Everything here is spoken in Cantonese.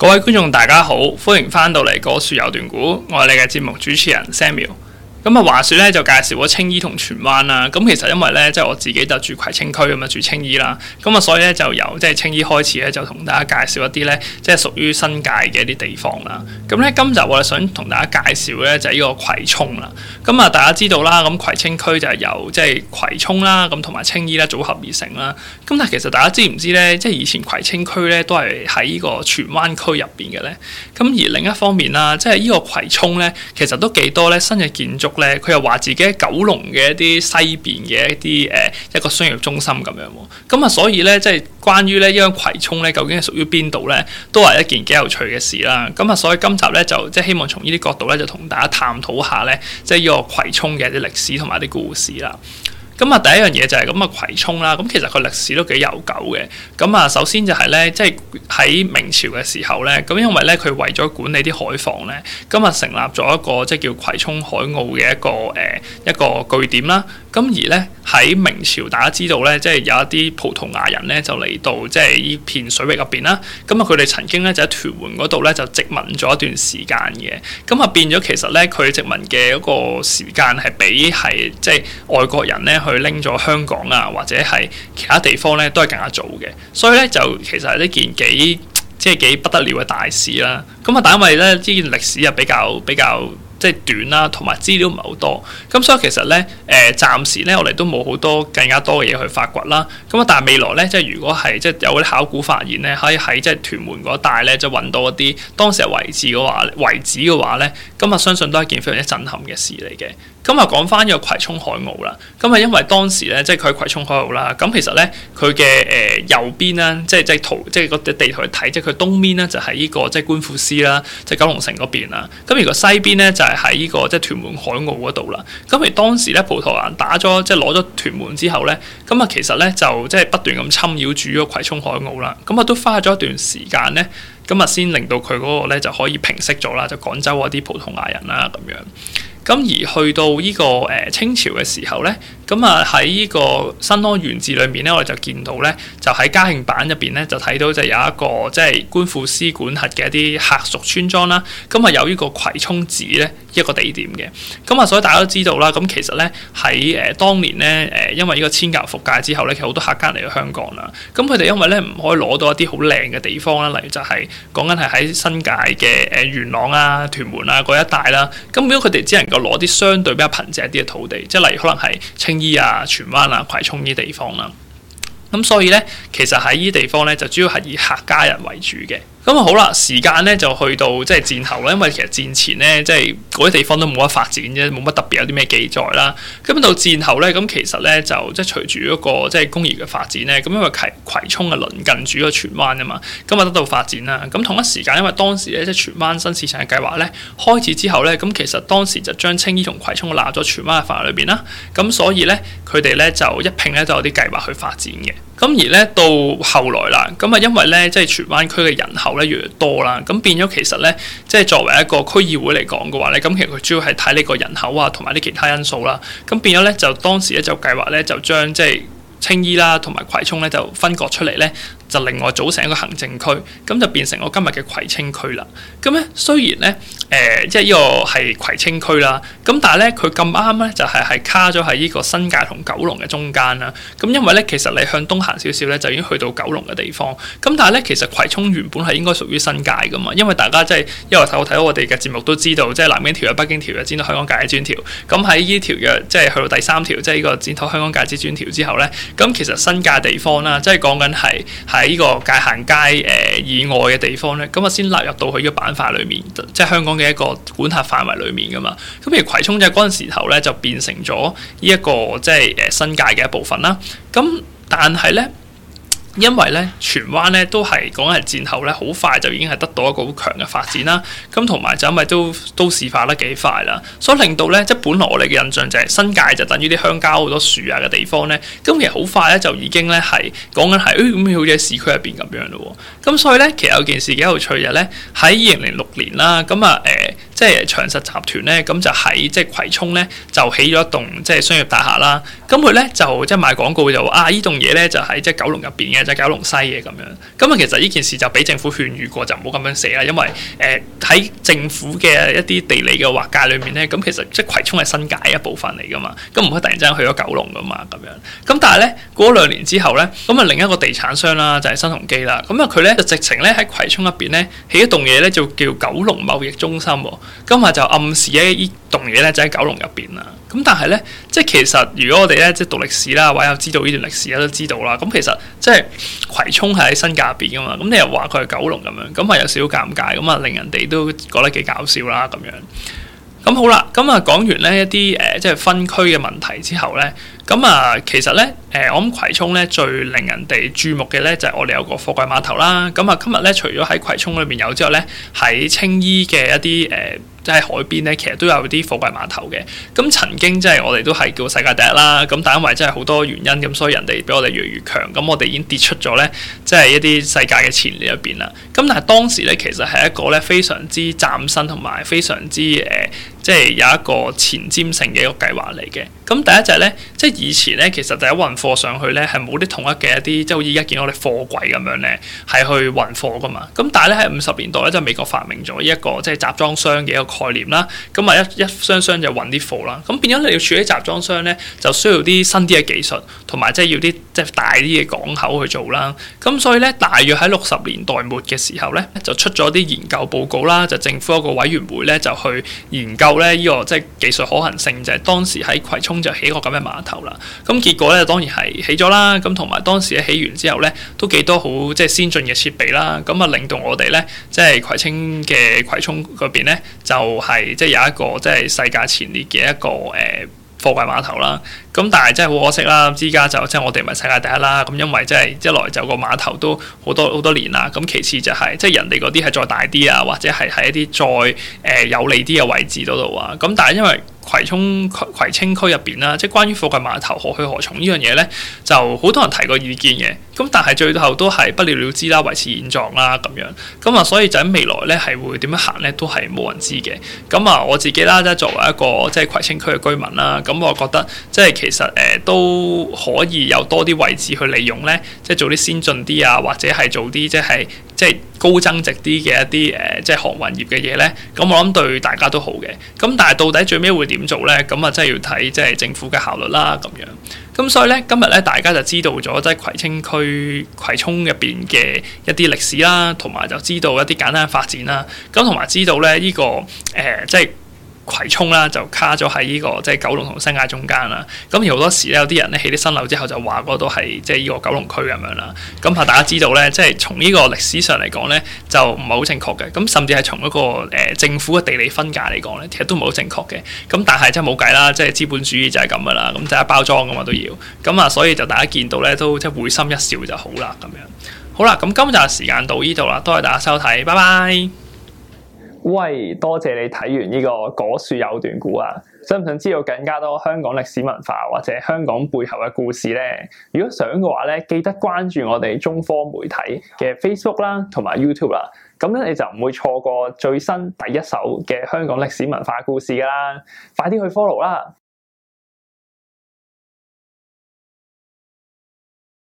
各位觀眾大家好，歡迎翻到嚟《果樹有段古》，我係你嘅節目主持人 Samuel。咁啊，話説咧就介紹咗青衣同荃灣啦。咁其實因為咧，即係我自己就住葵青區咁啊，就住青衣啦。咁啊，所以咧就由即係青衣開始咧，就同大家介紹一啲咧，即係屬於新界嘅一啲地方啦。咁咧，今集我哋想同大家介紹咧就係呢個葵涌啦。咁啊，大家知道啦，咁葵青區就係由即係葵涌啦，咁同埋青衣咧組合而成啦。咁但係其實大家知唔知咧，即係以前葵青區咧都係喺呢個荃灣區入邊嘅咧。咁而另一方面啦，即係呢個葵涌咧，其實都幾多咧新嘅建築。佢又話自己喺九龍嘅一啲西邊嘅一啲誒、呃、一個商業中心咁樣喎。咁啊，所以咧，即係關於咧呢個葵涌咧，究竟係屬於邊度咧，都係一件幾有趣嘅事啦。咁啊，所以今集咧就即係希望從呢啲角度咧就同大家探討下咧，即係呢個葵涌嘅啲歷史同埋啲故事啦。咁啊，第一樣嘢就係咁啊，葵涌啦，咁其實個歷史都幾悠久嘅。咁啊，首先就係咧，即係喺明朝嘅時候咧，咁因為咧佢為咗管理啲海防咧，今日成立咗一個即係叫葵涌海澳嘅一個誒一個據點啦。咁而咧。喺明朝大家知道咧，即係有一啲葡萄牙人咧就嚟到即係呢片水域入邊啦。咁啊，佢哋曾經咧就喺屯門嗰度咧就殖民咗一段時間嘅。咁啊，變咗其實咧佢殖民嘅嗰個時間係比係即係外國人咧去拎咗香港啊或者係其他地方咧都係更加早嘅。所以咧就其實呢件幾即係幾不得了嘅大事啦。咁啊，但因為咧呢件歷史又比較比較。比較即係短啦，同埋資料唔係好多，咁所以其實咧，誒、呃、暫時咧，我哋都冇好多更加多嘅嘢去發掘啦。咁啊，但係未來咧，即係如果係即係有啲考古發現咧，可以喺即係屯門嗰帶咧，就揾到一啲當時嘅位置嘅話，遺址嘅話咧，咁啊，相信都係件非常之震撼嘅事嚟嘅。咁啊，講返呢個葵涌海澳啦，咁啊，因為當時咧，即係佢葵涌海澳啦，咁其實咧，佢嘅誒右邊咧，即係即係圖，即係個地圖去睇，即係佢東面咧就係呢個即係官富司啦，即係九龍城嗰邊啊。咁如果西邊咧就，係喺呢個即係、就是、屯門海澳嗰度啦，咁而當時咧，葡萄牙打咗即係攞咗屯門之後咧，咁啊其實咧就即係不斷咁侵擾住嗰葵涌海澳啦，咁啊都花咗一段時間咧，咁啊先令到佢嗰個咧就可以平息咗啦，就廣州嗰啲葡萄牙人啦咁樣，咁而去到呢個誒清朝嘅時候咧。咁啊喺呢個《新安縣志》裏面咧，我哋就見到咧，就喺嘉慶版入面咧，就睇到就有，、就是、就有一個即係官府司管轄嘅一啲客屬村莊啦。咁啊有呢個葵涌寺咧一個地點嘅。咁啊所以大家都知道啦，咁其實咧喺誒當年咧因，因為呢個千甲復界之後咧，其實好多客家嚟到香港啦。咁佢哋因為咧唔可以攞到一啲好靚嘅地方啦，例如就係講緊係喺新界嘅元朗啊、屯門啊嗰一帶啦、啊。咁如果佢哋只能夠攞啲相對比較貧瘠一啲嘅土地，即係例如可能係清依啊，荃灣啊，葵涌呢啲地方啦、啊，咁所以咧，其實喺依啲地方咧，就主要係以客家人為主嘅。咁啊好啦，時間咧就去到即係、就是、戰後啦，因為其實戰前咧即係嗰啲地方都冇乜發展啫，冇乜特別有啲咩記載啦。咁到戰後咧，咁其實咧就即係隨住一個即係、就是、工業嘅發展咧，咁因為葵涌嘅鄰近住個荃灣啊嘛，咁啊得到發展啦。咁同一時間，因為當時咧即係荃灣新市場嘅計劃咧開始之後咧，咁其實當時就將青衣同葵涌納咗荃灣嘅範圍裏邊啦。咁所以咧佢哋咧就一併咧就有啲計劃去發展嘅。咁而咧到後來啦，咁啊因為咧即係荃灣區嘅人口，越嚟越多啦，咁變咗其實咧，即係作為一個區議會嚟講嘅話咧，咁其實佢主要係睇呢個人口啊，同埋啲其他因素啦，咁變咗咧就當時咧就計劃咧就將即係青衣啦同埋葵涌咧就分割出嚟咧。就另外組成一個行政區，咁就變成我今日嘅葵青區、呃、區啦。咁咧雖然咧，即係呢個係葵青區啦，咁但係咧佢咁啱咧就係、是、係卡咗喺呢個新界同九龍嘅中間啦。咁因為咧其實你向東行少少咧就已經去到九龍嘅地方，咁但係咧其實葵涌原本係應該屬於新界噶嘛，因為大家即係因為睇我睇我哋嘅節目都知道，即、就、係、是、南京條約、北京條約、展拓香港界址專條。咁喺呢條約即係去到第三條，即係呢個展拓香港界址專條之後咧，咁其實新界地方啦，即係講緊係。喺呢個界限街誒、呃、以外嘅地方咧，咁啊先納入到佢呢個板塊裡面，即係香港嘅一個管轄範圍裡面噶嘛。咁譬如葵涌就嗰陣時候咧，就變成咗呢一個即係誒、呃、新界嘅一部分啦。咁但係咧。因為咧，荃灣咧都係講緊戰後咧，好快就已經係得到一個好強嘅發展啦。咁同埋就因為都都市化得幾快啦，所以令到咧即係本來我哋嘅印象就係、是、新界就等於啲鄉郊好多樹啊嘅地方咧。咁、嗯、其實好快咧就已經咧係講緊係誒咁好似喺市區入面咁樣咯喎。咁、嗯、所以咧其實有件事幾有趣嘅咧，喺二零零六年啦，咁、嗯、啊即係長實集團咧，咁就喺即係葵涌咧，就起、是、咗一棟即係、就是、商業大廈啦。咁佢咧就即係賣廣告就話啊，呢棟嘢咧就喺即係九龍入邊嘅，即、就、係、是、九龍西嘅咁樣。咁啊，其實呢件事就俾政府勸喻過，就唔好咁樣寫啦。因為誒喺、呃、政府嘅一啲地理嘅畫界裏面咧，咁其實即係、就是、葵涌係新界一部分嚟噶嘛，咁唔可以突然之間去咗九龍噶嘛咁樣。咁但係咧過兩年之後咧，咁啊另一個地產商啦就係、是、新鴻基啦，咁啊佢咧就直情咧喺葵涌入邊咧起一棟嘢咧就叫九龍貿易中心喎、啊。今日就暗示咧呢棟嘢咧就喺九龍入邊啦。咁但係咧，即係其實如果我哋咧即係讀歷史啦，或者知道呢段歷史咧都知道啦。咁其實即係葵涌係喺新界入邊噶嘛。咁你又話佢係九龍咁樣，咁係有少少尷尬咁啊，令人哋都覺得幾搞笑啦咁樣。咁好啦，咁啊講完咧一啲誒即係分區嘅問題之後咧，咁啊其實咧。誒、呃，我諗葵涌咧最令人哋注目嘅咧就係、是、我哋有個貨櫃碼頭啦。咁、嗯、啊，今日咧除咗喺葵涌裏面有之外咧，喺青衣嘅一啲即係海邊咧，其實都有啲貨櫃碼頭嘅。咁、嗯、曾經即係我哋都係叫世界第一啦。咁、嗯、但因為真係好多原因，咁所以人哋比我哋越嚟越強。咁、嗯、我哋已經跌出咗咧，即、就、係、是、一啲世界嘅前列入邊啦。咁、嗯、但係當時咧，其實係一個咧非常之嶄新同埋非常之即係、呃就是、有一個前瞻性嘅一個計劃嚟嘅。咁、嗯、第一隻咧，即係以前咧，其實第一運。貨上去咧係冇啲同一嘅一啲，即係好似而家見到啲貨櫃咁樣咧，係去運貨噶嘛。咁但係咧喺五十年代咧，就美國發明咗呢一個即係集裝箱嘅一個概念啦。咁啊一一箱箱就運啲貨啦。咁變咗你要處理集裝箱咧，就需要啲新啲嘅技術，同埋即係要啲即係大啲嘅港口去做啦。咁所以咧，大約喺六十年代末嘅時候咧，就出咗啲研究報告啦。就政府一個委員會咧，就去研究咧、呢、呢個即係技術可行性，就係、係、當時喺葵涌就起一個咁嘅碼頭啦。咁結果咧當然，係起咗啦，咁同埋當時咧起完之後咧，都幾多好即係先進嘅設備啦，咁啊令到我哋咧即係葵青嘅葵涌嗰邊咧，就係即係有一個即係、就是、世界前列嘅一個誒、呃、貨櫃碼頭啦。咁但係真係好可惜啦，依家就即係、就是、我哋唔係世界第一啦。咁因為即係一來就個碼頭都好多好多年啦，咁其次就係即係人哋嗰啲係再大啲啊，或者係喺一啲再誒、呃、有利啲嘅位置嗰度啊。咁但係因為葵涌區、葵青區入邊啦，即係關於貨櫃碼頭何去何從呢樣嘢咧，就好多人提過意見嘅。咁但係最後都係不了了之啦，維持現狀啦咁樣。咁啊，所以就喺未來咧係會點樣行咧，都係冇人知嘅。咁啊，我自己啦，即作為一個即係葵青區嘅居民啦，咁我覺得即係其實誒、呃、都可以有多啲位置去利用咧，即係做啲先進啲啊，或者係做啲即係即係高增值啲嘅一啲誒、呃、即係航運業嘅嘢咧。咁我諗對大家都好嘅。咁但係到底最尾會點？點做咧？咁啊，真係要睇即係政府嘅效率啦，咁樣。咁所以咧，今日咧大家就知道咗即係葵青區葵涌入邊嘅一啲歷史啦，同埋就知道一啲簡單嘅發展啦。咁同埋知道咧呢、呢個誒，即、呃、係。就是葵涌啦、這個，就卡咗喺呢個即係九龍同新界中間啦。咁而好多時咧，有啲人咧起啲新樓之後就話嗰度係即係呢個九龍區咁樣啦。咁啊，大家知道咧，即係從呢個歷史上嚟講咧，就唔係好正確嘅。咁甚至係從一個、呃、政府嘅地理分界嚟講咧，其實都唔係好正確嘅。咁但係真係冇計啦，即係資本主義就係咁噶啦。咁就係包裝噶嘛都要。咁啊，所以就大家見到咧都即係會心一笑就好啦咁樣。好啦，咁今日時間到呢度啦，多謝大家收睇，拜拜。喂，多謝你睇完呢、這個果樹有段古啊！想唔想知道更加多香港歷史文化或者香港背後嘅故事咧？如果想嘅話咧，記得關注我哋中科媒體嘅 Facebook 啦，同埋 YouTube 啦。咁咧你就唔會錯過最新第一手嘅香港歷史文化故事㗎啦！快啲去 follow 啦！